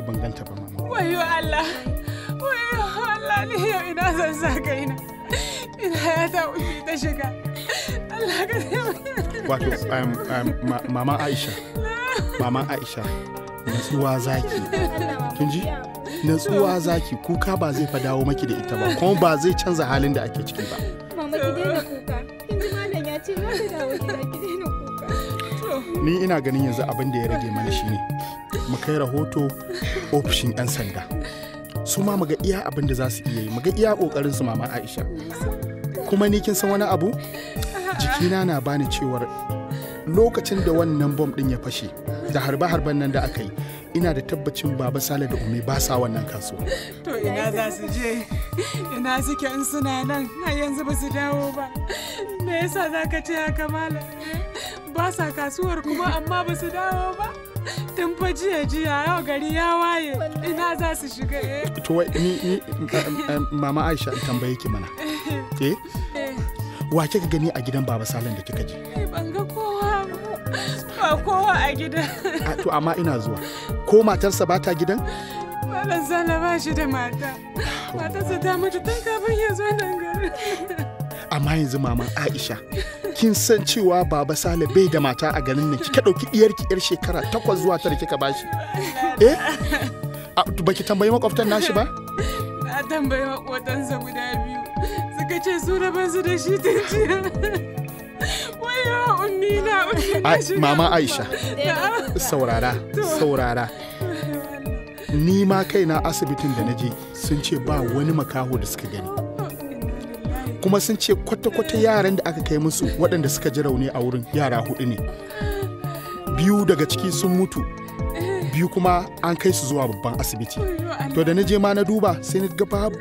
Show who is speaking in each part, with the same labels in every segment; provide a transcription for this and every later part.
Speaker 1: wallahi ban ganta ba mama wayo Allah wayo Allah ni yau ina zan sa kaina ina ya ta wuce ta shiga Allah ka zai
Speaker 2: wato um, um, mama Aisha mama Aisha natsuwa zaki kin ji natsuwa zaki kuka ba zai fa dawo maki da ita ba kuma ba zai canza halin da ake ciki ba
Speaker 1: mama ki daina kuka kin ji malam ya ce za ta dawo gida ki daina kuka
Speaker 2: ni ina ganin yanzu abin da ya rage mana shi ne. mu kai rahoto ofishin 'yan sanda su ma muga iya abin da za su iya yi muga iya kokarin su mama aisha kuma ni kin san wani abu jikina na bani cewar lokacin da wannan bom ɗin ya fashe da harba-harban nan da aka yi ina da tabbacin baba sale da umi ba sa wannan kasuwa
Speaker 1: to ina za su je ina suke in suna nan har yanzu ba su dawo ba me yasa za ka ce haka malam ba sa kasuwar kuma amma ba su dawo ba Tumfa jiya jiya yau gari ya waye ina za su shiga eh?
Speaker 2: to ni eh, eh, mama Aisha in tambaye ki mana eh wa kika gani a gidan baba Salan da kika
Speaker 1: je ban ga kowa ba kowa a gidan
Speaker 2: to amma ina zuwa ko matarsa ba ta gidan
Speaker 1: Malam Sala ba shi da mata matarsa ta mutu tun kafin ya zo nan gari.
Speaker 2: amma yanzu mama Aisha kin san cewa baba sale bai da mata a garin nan kika ɗauki ɗiyarki yar shekara takwas zuwa tara kika bashi eh baki tambayi makwabtan nashi ba
Speaker 1: na tambayi makwabtansa guda biyu suka ce su su da shi tun jiya Mama Aisha,
Speaker 2: saurara, saurara. Ni ma kaina asibitin da na je sun ce ba wani makaho da suka gani. kuma sun ce kwata-kwata yaran da aka kai musu waɗanda suka ji rauni a wurin yara hudu ne biyu daga ciki sun mutu biyu kuma an kai su zuwa babban asibiti to da na je ma na duba sai na ga babu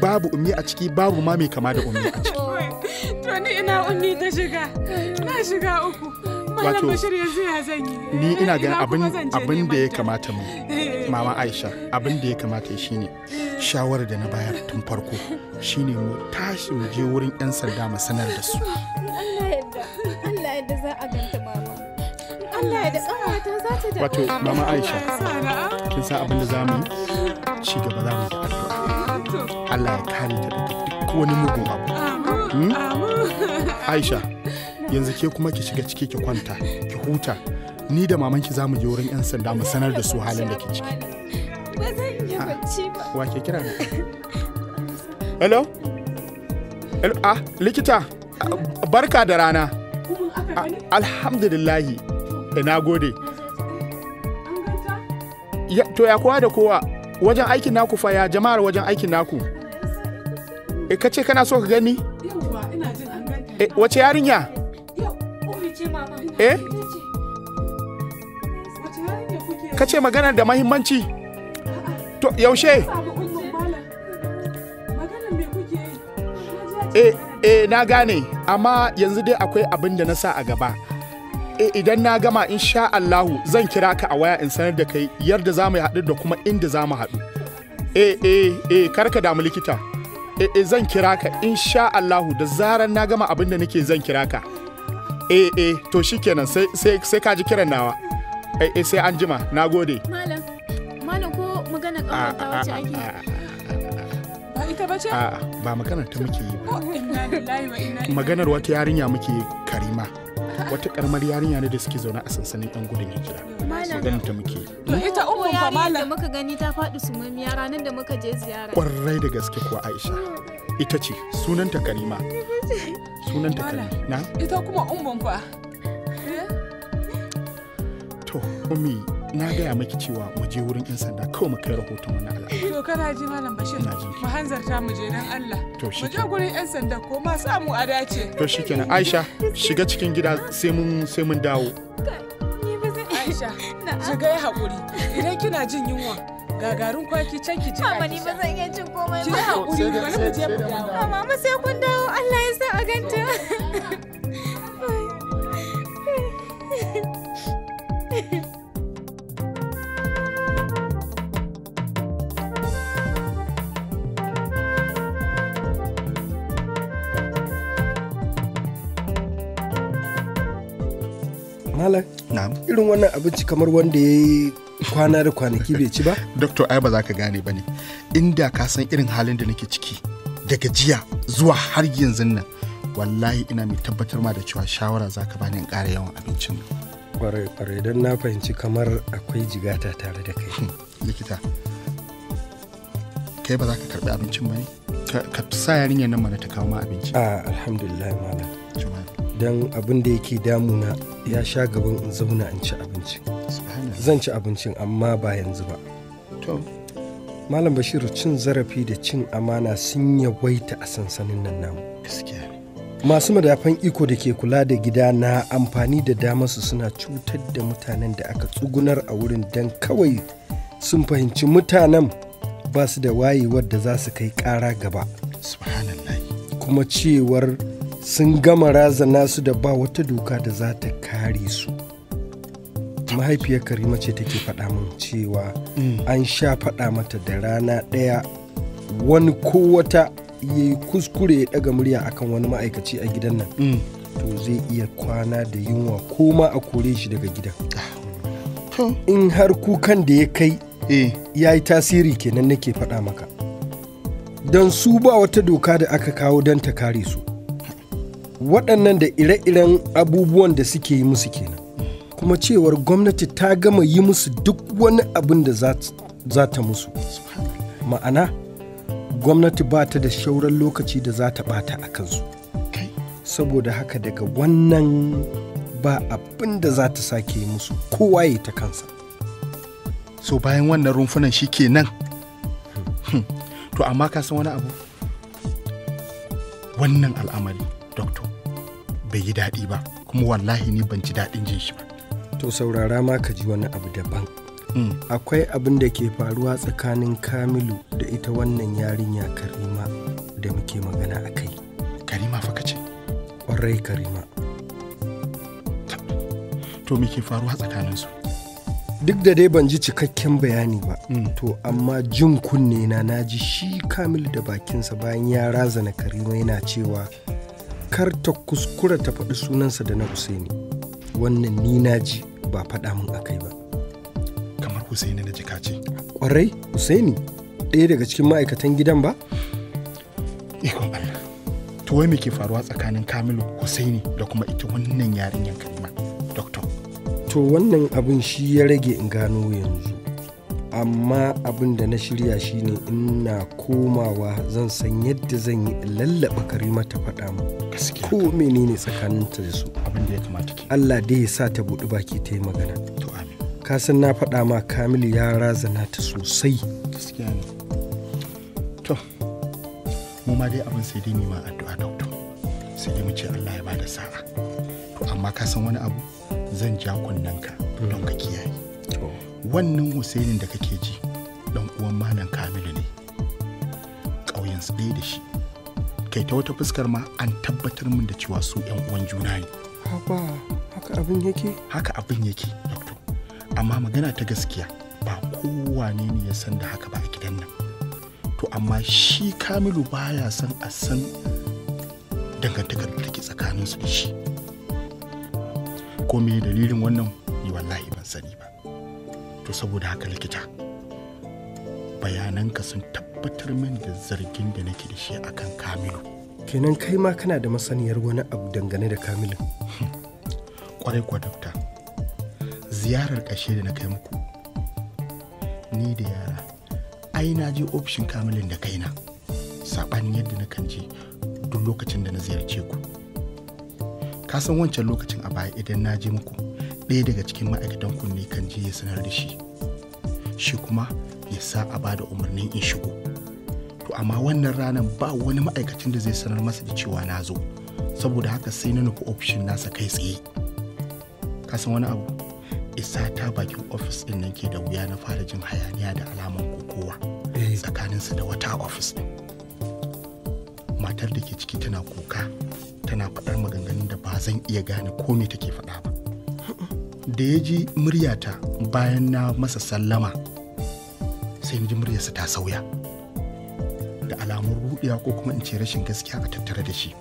Speaker 2: babu ummi a ciki babu ma mai kama da ummi a
Speaker 1: ciki to ni ina ummi ta shiga na shiga uku wato
Speaker 2: ni ina ganin abin abin da ya kamata mu mama Aisha abin da ya kamata shine shawarar da na bayar tun farko shine mu tashi mu je wurin yan sanda mu sanar da su
Speaker 3: Allah yadda za a ganta mama Allah yadda
Speaker 1: za ta da wato mama Aisha
Speaker 2: kin sa abin da za mu ci gaba za mu Allah ya kare ta duk wani mugun abu hmm? Aisha yanzu ke kuma ki shiga ciki ki kwanta ki huta ni da mamanki za mu je wurin 'yan sanda mu sanar da su halin da ke ciki
Speaker 1: ba zan yi bacci ba
Speaker 2: wa ke kira ni, hello hello ah likita barka da rana alhamdulillahi ina gode to ya kowa da kowa wajen aikin naku fa ya jama'ar wajen aikin naku e, ka ce kana so ka gani?
Speaker 1: E, wace yarinya?
Speaker 2: eh ka ce magana da mahimmanci to yaushe eh eh na gane amma yanzu dai akwai abin da na sa a gaba eh, idan na gama insha Allahu zan kira ka a waya in sanar da kai yarda za mu haɗu da kuma inda za mu haɗu. E, eh, eh, eh karka damu likita. E, zan kira ka insha Allahu da zaran na gama abin da nake zan kira ka. eh eh to shikenan sai sai sai ka ji kiran nawa eh eh sai an jima nagode
Speaker 1: malam malam ko magana kawai ah, ah, ta wace ake ah, ba ita bace
Speaker 2: ba maganar ta muke
Speaker 1: yi ba
Speaker 2: maganar wata yarinya muke karima wata karamar yarinya ne da suke zaune a sansanin yan gudun hijira maganar ta muke yi
Speaker 3: to ita
Speaker 1: umma ba malam da
Speaker 3: muka gani ta faɗi sumamiya ranar da muka je ziyara
Speaker 2: kwarai da gaske kuwa aisha oh. ita ce sunanta karima
Speaker 1: sunanta karima ita kuma umman fa
Speaker 2: to mummy na gaya maki cewa mu je wurin yan sanda kawai mu kai rahoton wani Allah
Speaker 1: to kana ji malam bashir mu hanzarta mu je nan Allah
Speaker 2: to shi je gurin yan
Speaker 1: sanda ko ma samu a dace to shikenan Aisha
Speaker 2: shiga cikin gida sai mun sai mun dawo
Speaker 1: Aisha shiga ya hakuri idan kina jin yunwa gagarun kwaki can ki ji Amma ni ba zan iya jin komai ba haƙuri mu je mu dawo mama sai kun dawo Allah ya sa a ganta
Speaker 4: Malam, irin wannan abinci kamar wanda ya yi kwana da kwanaki bai ci ba
Speaker 2: Dr. ai ba za ka gane ba ne inda ka san irin halin da nake ciki daga jiya
Speaker 4: zuwa har yanzu nan wallahi ina mai tabbatar ma da cewa shawara za ka bani in ƙara yawan abincin kwarai-kwarai don na fahimci kamar akwai jigata tare da kai hmm, likita kai ba za ka karɓi abincin ba ne ka sa yarinyar nan mana ta kawo ma abinci Ah, alhamdulillah malam Idan abin da yake damuna ya sha gaban in zauna in ci abinci zan ci abincin amma ba yanzu ba malam bashiru cin zarafi da cin amana sun yawaita a sansanin nan namu masu madafan iko da ke kula da gida na amfani da damarsu suna cutar da mutanen da aka tsugunar a wurin don kawai sun fahimci mutanen ba su da wayewar da za su kai kara gaba kuma cewar sun gama razana su da ba wata doka da za ta kare su mahaifiyar karima ce take faɗa min cewa mm. an sha faɗa mata da rana ɗaya wani ko wata ya yi kuskure ya ɗaga murya akan wani ma'aikaci a gidan nan mm. to zai iya kwana da yunwa ko ma a kore shi daga gidan ah. in har kukan da ya kai eh. ya yi tasiri kenan nake faɗa maka don su ba wata doka da aka kawo don ta kare su waɗannan da ire-iren abubuwan da suke yi musu kenan kuma cewar gwamnati ta gama yi musu duk wani abin da za ta musu ma'ana gwamnati ba ta da shauran lokaci da za ta bata a kansu saboda haka daga wannan ba abin da za ta sake yi musu kowa ya ta kansa so bayan wannan rumfunan
Speaker 2: shi ke nan hmm. Hmm. to amma ka san wani abu
Speaker 4: wannan al'amari doctor bai yi daɗi ba kuma wallahi ni ban ji daɗin jin shi ba to saurara ma ka ji wani abu daban hmm. akwai abin da ke faruwa tsakanin kamilu da ita wannan yarinya karima da muke magana a kai karima fa ka ce ƙwarai karima to me ke faruwa tsakaninsu duk da dai ban ji cikakken bayani ba hmm. to amma jin kunne na naji shi kamilu da bakinsa bayan ya razana karima yana cewa kar ta kuskura ta faɗi sunansa da na Husaini wannan ni na ji ba faɗa min akai ba kamar Husaini na jika ce kwarai Husaini ɗaya daga cikin ma'aikatan gidan ba ikon Allah to wai me ke faruwa tsakanin Kamilu Husaini da kuma ita wannan yarinyar Karima Doktor. to wannan abin shi ya rage in gano yanzu amma abin da na shirya shine ina komawa zan san yadda zan yi lallaba karima ta faɗa mu ko menene ta da su abin da ya kamata ke Allah dai ya sa ta buɗi baki ta yi magana to amin ka san na faɗa ma Kamilu ya razana ta sosai gaskiya ne to mu ma dai abin sai dai
Speaker 2: mu ma addu'a dauto sai dai mu ce Allah ya bada sa'a to amma ka san wani abu zan ja kunnanka mm. don ka kiyaye to wannan husainin da kake ji dan uwan malam kamilu ne ƙauyen su ɗaya da shi kai ta wata fuskar ma an tabbatar min da cewa su yan uwan juna ne haba haka abin yake haka abin yake doctor amma magana ta gaskiya ba kowane ne ya san da haka ba a gidan nan to amma shi kamilu baya san a san dangantakar da take tsakaninsu da shi ko me dalilin wannan ni wallahi ban sani ba to saboda haka likita
Speaker 4: bayananka sun tabbatar min da zargin da nake da shi akan kamilu kenan kai ma kana da masaniyar wani abu dangane da kamilu kwarai kuwa dokta ziyarar ƙashe da na kai muku ni da
Speaker 2: yara ai na je ofishin kamilin da kaina saɓanin yadda na kan je duk lokacin da na ziyarce ku ka san wancan lokacin a baya idan na je muku ɗaya daga cikin ma'aikatan kunne kan je ya sanar da shi shi kuma ya sa a ba da umarnin in shigo to amma wannan ranar ba wani ma'aikacin da zai sanar masa da cewa na zo saboda haka sai na nufi ofishin nasa kai tsaye kasan wani abu isa ta bakin ofis din nan ke da wuya na fara jin hayaniya da alaman kokowa eh. tsakaninsa da wata ofis din matar da ke ciki tana kuka tana faɗar maganganun da ba zan iya gane ko me take faɗa ba da ya ji muryata bayan na masa sallama sai na ji muryarsa ta sauya da alamun ruɗewa ko kuma in ce rashin gaskiya a tattare da shi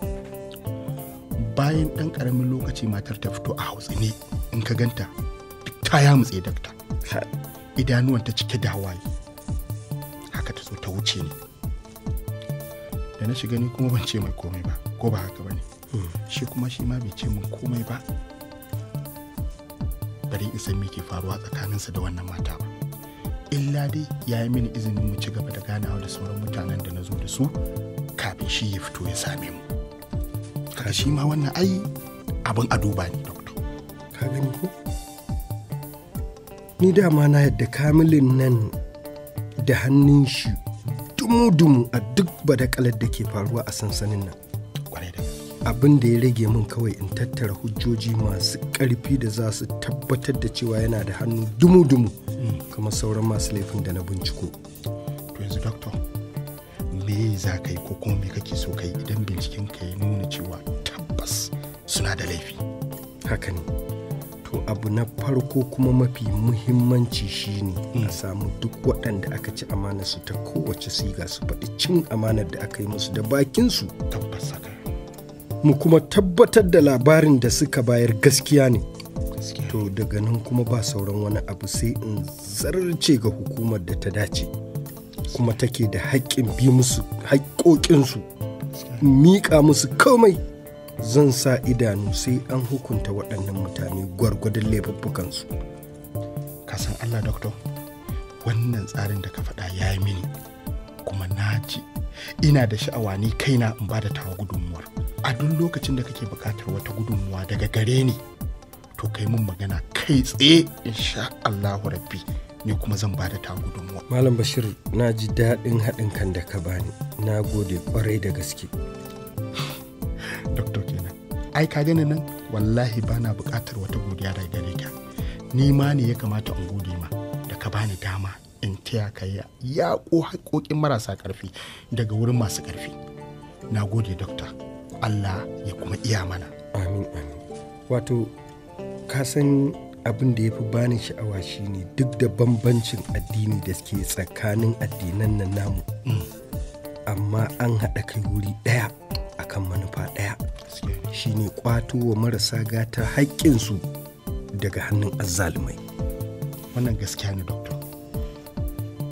Speaker 2: bayan ɗan karamin lokaci matar ta fito a hausa ne in ka ganta duk ta ya mutse dakta idanuwan ta cike da hawaye haka ta zo ta wuce ni da na shiga ni kuma ban ce mai komai ba ko ba haka ba ne shi kuma shi ma bai ce min komai ba bari in san me ke faruwa tsakaninsa da wannan mata ba illa dai ya yi mini izinin mu ci gaba da ganawa da sauran mutanen da na zo da su kafin shi ya fito ya
Speaker 4: same mu kaga shi ma wannan ai abin a duba ne doktor ka gani ko ni dama na yadda kamilin nan da hannun shi dumu-dumu a duk badakalar da ke faruwa a sansanin nan abin da ya rage min kawai in tattara hujjoji masu ƙarfi da za su tabbatar da cewa yana da hannu dumu-dumu kamar sauran masu laifin da na binciko to yanzu doctor me za ka yi ko kuma me kake so ka yi idan binciken ka ya nuna cewa tabbas suna da laifi haka ne to abu na farko kuma mafi muhimmanci shine a mm. samu duk waɗanda aka ci amanar su ta kowace siga su faɗi cin amanar da aka yi musu da su. tabbas haka mu kuma tabbatar da labarin da suka bayar gaskiya ne to daga nan kuma ba sauran wani abu sai in zarce ga hukumar da ta dace kuma take da haƙƙin bi musu haƙƙoƙinsu miƙa musu komai zan sa idanu sai an hukunta waɗannan mutane gwargwadon laifuffukansu kasan allah doktor wannan tsarin
Speaker 2: da ka faɗa ya yi mini kuma na ji ina da sha'awa ni kaina in ba da tawa gudunmuwar a duk lokacin da kake buƙatar wata gudunmuwa daga gare ni to kai
Speaker 4: mun magana kai tsaye insha Allahu rabbi ni kuma zan bada ta gudunmuwa. Malam Bashir na ji daɗin haɗin kan da ka bani na gode kwarai da gaske. Doktor kenan ai ka gani nan wallahi bana buƙatar wata godiya
Speaker 2: da gare ka ni ma ne ya kamata in gode ma da ka bani dama in taya ka ya ko haƙoƙin marasa ƙarfi daga wurin masu ƙarfi na gode
Speaker 4: dokta allah ya kuma iya mana amin amin wato kasan abin da ya fi bani sha'awa shi ne duk da bambancin addini da suke tsakanin addinan nan namu amma an haɗa kai wuri ɗaya akan manufa ɗaya ne kwato wa marasa gata haƙƙinsu daga hannun azzalumai wannan gaskiya ne doktor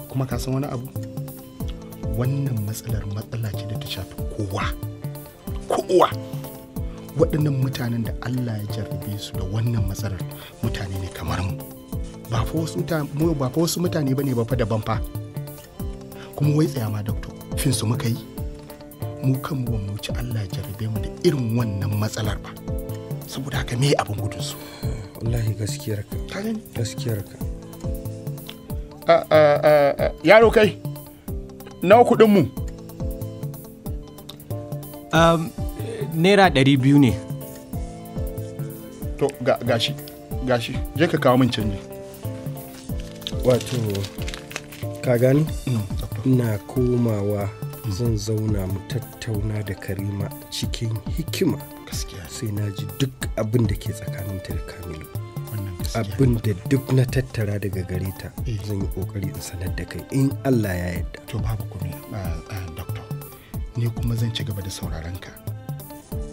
Speaker 2: kuma ka san wani abu wannan matsalar matsala ce da ta shafi kowa kowa waɗannan mutanen da allah ya jarrabe su da wannan matsalar mutane ne kamar mu ba fa wasu mutane ba ne ba fa daban fa kuma wai tsaya ma doktor fin su muka yi mu kan ba mu ci allah ya jarrabe mu da irin wannan matsalar ba saboda haka me abin gudun su
Speaker 4: wallahi gaskiyar ka gaskiyar ka
Speaker 2: yaro kai nawa kuɗin mu um, naira ɗari biyu ne to gashi gashi je ka kawo min canji
Speaker 4: wato ka gani ina komawa zan zauna mu tattauna da karima cikin hikima gaskiya sai na ji duk abin da ke tsakaninta da kamilu abin da duk na tattara daga gare ta eh. zan yi kokari in sanar da kai in allah ya yarda to babu kuma ah, ah, doctor ni kuma zan ci gaba da sauraron
Speaker 2: ka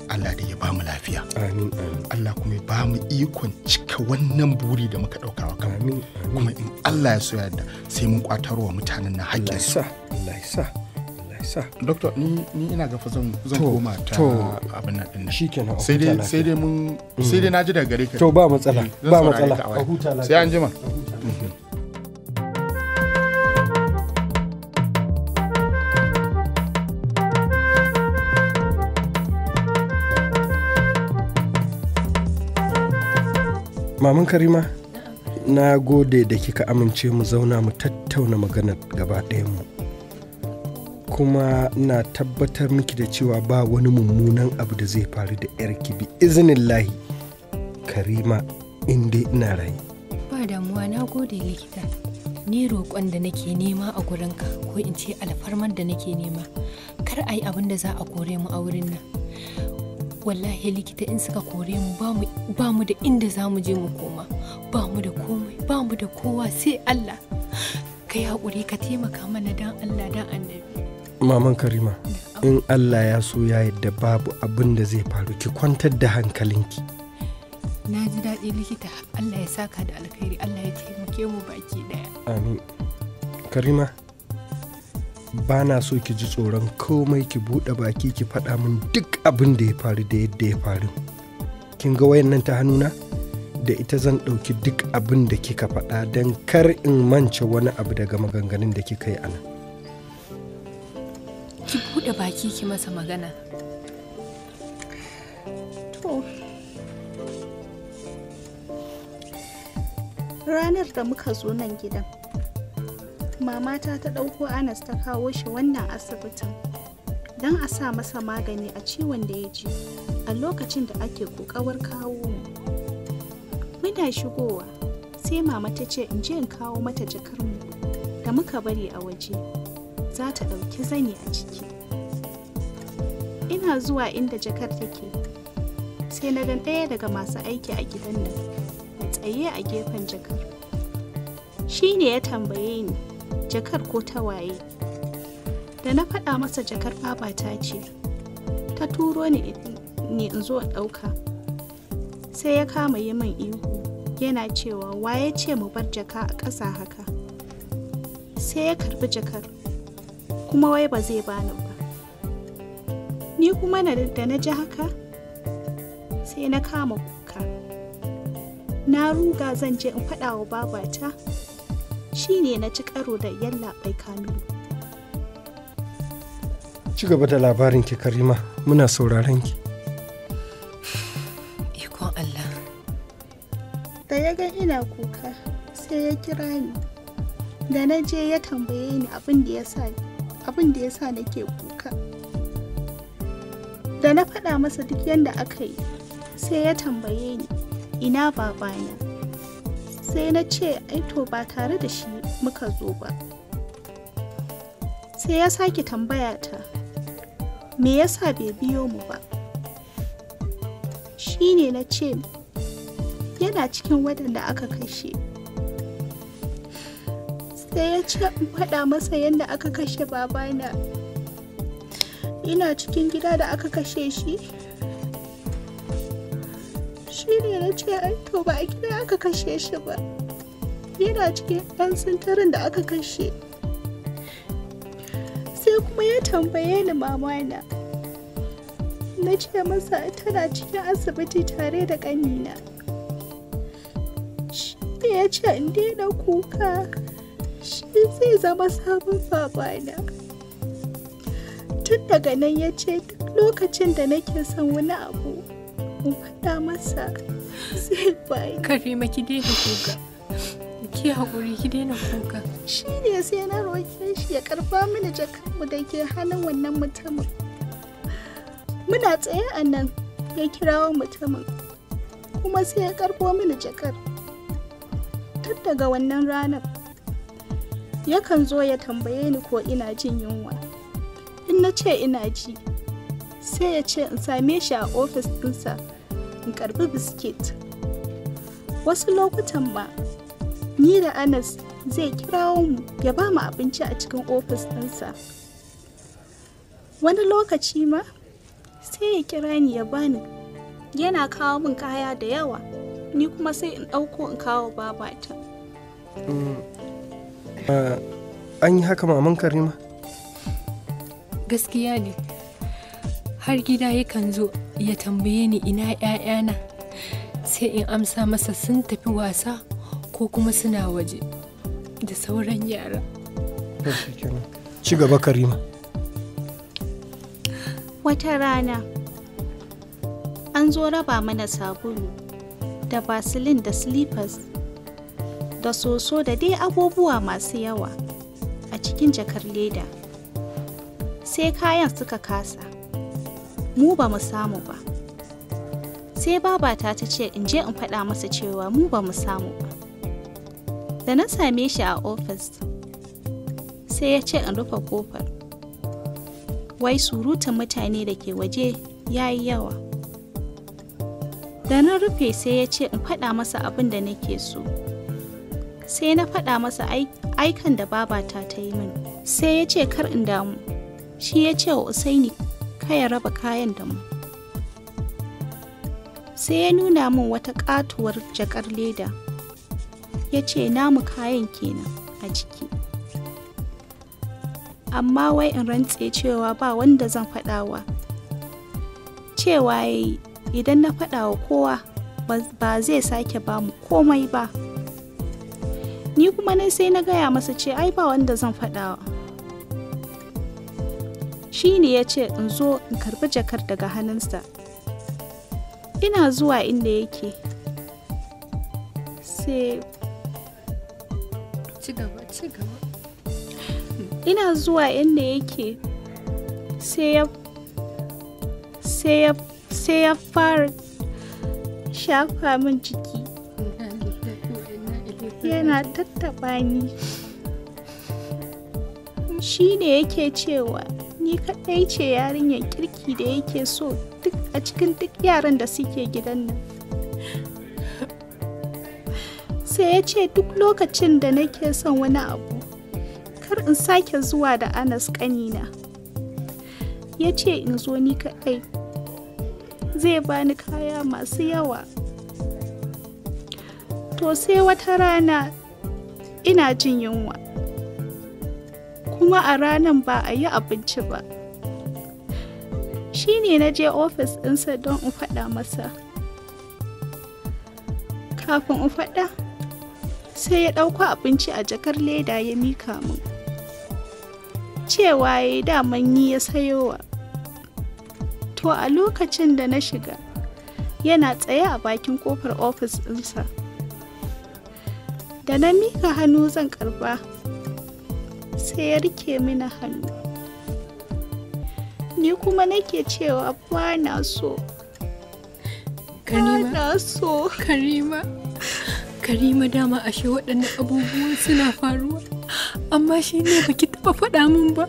Speaker 2: Allah da ya ba mu lafiya amin Allah kuma ya ba mu ikon cika wannan buri da muka ɗauka wa kanmu kuma in Allah ya so yadda sai mun wa mutanen
Speaker 4: na haƙƙin su Allah ya sa
Speaker 2: Allah ya sa doctor ni ni ina ga fa zan zan koma ta abin nan din shikenan sai dai sai dai mun sai dai mm. naji daga gare ka to ba matsala mm. ba matsala a huta lafiya sai an jima
Speaker 4: Maman Karima, na gode da kika amince mu zauna mu tattauna maganar gaba mu. Kuma na tabbatar miki da cewa ba wani mummunan abu da zai faru da yarki bi izinin lahi. Karima, inda ina rai.
Speaker 5: Ba damuwa na gode likita. Ni roƙon da nake nema a gurinka ko in ce alfarmar da nake nema. Kar a yi abin da za a kore mu a wurin nan. wallahi likita in suka kore mu ba mu ba mu da inda za mu je mu koma ba mu da komai ba mu da kowa sai Allah ka yi haƙuri ka taimaka mana don Allah don annabi
Speaker 4: maman karima in Allah ya so ya yadda babu abin da zai faru ki kwantar da hankalinki
Speaker 5: na ji daɗi likita Allah ya saka da alkhairi Allah ya taimake mu baki ɗaya
Speaker 4: amin karima ba na so ki ji tsoron komai ki buɗe baki ki faɗa min duk abin da ya faru da yadda ya faru kin ga wayannan nan ta hannuna da ita zan ɗauki duk abin da kika faɗa don kar in manca wani abu daga maganganun da kika yi ana
Speaker 5: ki buɗe baki ki masa magana
Speaker 3: ranar da muka zo nan gidan mamata ta ɗauko anas ta kawo shi wannan asibitin don a sa masa magani a ciwon da ya ji a lokacin da ake kokawar kawo mu muna shigowa sai mama ta ce in je in kawo mata jakar mu da muka bari a waje za ta ɗauki zani a ciki ina zuwa inda jakar take sai na gan ɗaya daga masu aiki a gidan nan a tsaye a gefen jakar shi ne ya tambaye ni jakar ko ta waye da na faɗa masa jakar babata ce ta turo ni in zo ɗauka sai ya kama yi min ihu yana cewa waye ce mu bar jaka a ƙasa haka sai ya karbi jakar kuma wai ba zai bani ba ni kuma da na ji haka sai na kama kuka na ruga zan je in faɗa wa babata shine na ci karo da yalla bai kamilu
Speaker 4: Ci gaba da labarin ki Karima, muna sauraron ki.
Speaker 3: Ikon Allah. Da ya ga ina kuka sai ya kira ni. Da na je ya tambaye ni abin da ya sa na ke nake kuka. Da na faɗa masa duk yadda aka yi sai ya tambaye ni ina babana. Sai na ce aito ba tare da shi muka zo ba. sai ya sake tambaya ta me yasa bai biyo mu ba shi ne na ce yana cikin waɗanda aka kashe sai ya ce in faɗa masa yadda aka kashe babana ina cikin gida da aka kashe shi shi ne na ce ai to ba a gida aka kashe shi ba yana cikin ɗan sintarin da aka kashe kuma ya tambaye ni mamana na ce masa tana cikin asibiti tare da ƙanina shi ya ce in daina kuka shi zai zama sabon babana tun daga nan ya ce duk lokacin da nake son wani abu in faɗa masa sai bai karima ki daina kuka ki haƙuri ki daina kuka shi ne sai na roƙe shi ya karba mini mu da ke hannun wannan mutumin muna tsaye a nan ya kirawo mutumin kuma sai ya karbo mini jakar tun daga wannan ranar yakan zo ya tambaye ni ko ina jin yunwa in na ce ina ji sai ya ce in same shi a ofis ɗinsa in karbi biskit wasu lokutan ma ni da anas zai kirawo mu ya ba mu abinci a cikin ofis ɗinsa wani lokaci ma sai ya kira ni ya bani yana kawo min kaya da yawa ni kuma sai in ɗauko in kawo babata
Speaker 4: mm. ah, an yi haka maman karima
Speaker 3: gaskiya ne har
Speaker 5: gida yakan zo ya tambaye ni ina 'ya'yana sai in amsa masa sun tafi wasa ko kuma suna waje da sauran yara
Speaker 4: ci gaba karima
Speaker 3: wata rana an zo raba mana sabulu da basilin da slippers da soso da dai abubuwa masu yawa a cikin jakar leda sai kayan suka kasa mu ba mu samu ba sai babata ta ce in je in faɗa masa cewa mu ba mu samu ba da na same shi a ofis sai ya ce in rufe kofar wai surutan mutane da ke waje ya yi yawa da na rufe sai ya ce in faɗa masa abin da nake so sai na faɗa masa aikan da babata ta yi min sai ya ce kar in damu shi ya ce wa usaini kaya raba kayan da mu sai ya nuna min wata katuwar jakar leda ya ce namu kayan kenan a ciki. amma wai in rantse cewa ba wanda zan faɗawa cewa yayi idan na faɗawa kowa ba zai sake ba mu komai ba ni kuma nan sai na gaya masa ce ai ba wanda zan faɗawa shi ne ya ce in zo in karbi jakar daga hannunsa ina zuwa inda yake sai ci gaba ci gaba ina zuwa inda yake sai ya fara shafa min jiki yana tattaba ni shi ne yake cewa ni kaɗai ce yarinyar kirki da yake so a cikin duk yaran da suke gidan nan sai ya ce duk lokacin da nake son wani abu kar in sake zuwa da anas kanina ya ce in zo ni kaɗai zai bani kaya masu yawa to sai wata rana ina jin yunwa kuma a ranan ba a yi abinci ba shi ne na je ofis ɗinsa don in faɗa masa kafin in faɗa sai ya ɗauko abinci a jakar leda ya mika min cewa ya yi daman yi ya sayowa to a lokacin da na shiga yana tsaye a bakin kofar ofis ɗinsa da na mika hannu zan karba sai ya rike mini hannu ni kuma nake cewa ba na so karima karima
Speaker 5: Karima dama ashe waɗannan abubuwan suna faruwa, amma shi ne baki taɓa faɗa min ba.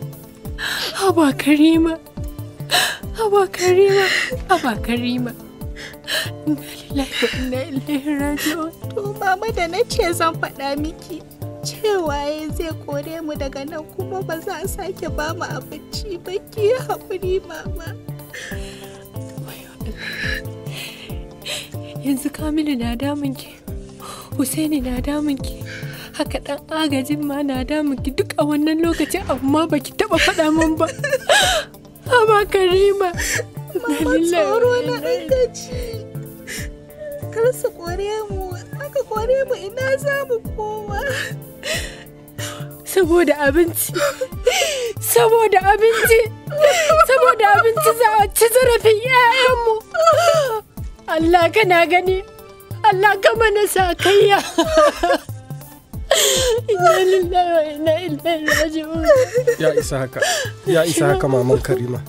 Speaker 5: Haba Karima, haba Karima,
Speaker 3: haba Karima. Ina lalata mama da na ce zan faɗa miki cewa ya zai kore mu daga nan kuma ba za a sake ba mu abinci ba ki haƙuri mama. Yanzu
Speaker 5: Kamilu na damun ki. Husaini na damun ki haka dan agajin ma na damun ki duk a wannan lokacin amma baki taba faɗa min ba amma Karima
Speaker 3: mama tsoro na dan gaji kar su kore mu aka kore mu ina za mu koma
Speaker 5: saboda abinci saboda abinci saboda abinci za a ci zarafin 'ya'yanmu Allah kana gani Allah ka mana sakayya inna lillahi wa inna ilaihi raji'un
Speaker 4: ya isa haka ya isa haka maman karima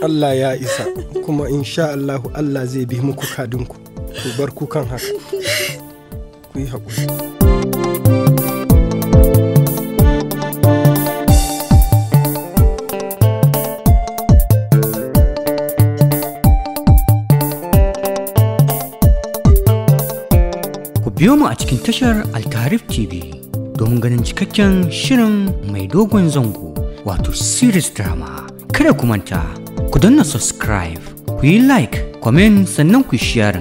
Speaker 4: Allah ya isa kuma insha Allah Allah zai bi muku kadinku ku bar kukan haka ku yi haƙuri
Speaker 5: biyo mu a cikin tashar Altarif TV domin ganin cikakken shirin mai dogon zango wato series drama. Kada ku manta, ku danna subscribe, ku yi like, comment sannan ku share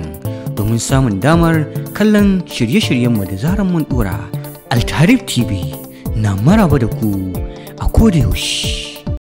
Speaker 5: domin samun damar kallon
Speaker 1: shirye shiryen mu da zarar mun dora. Altarif TV na maraba da ku a kodayaushe.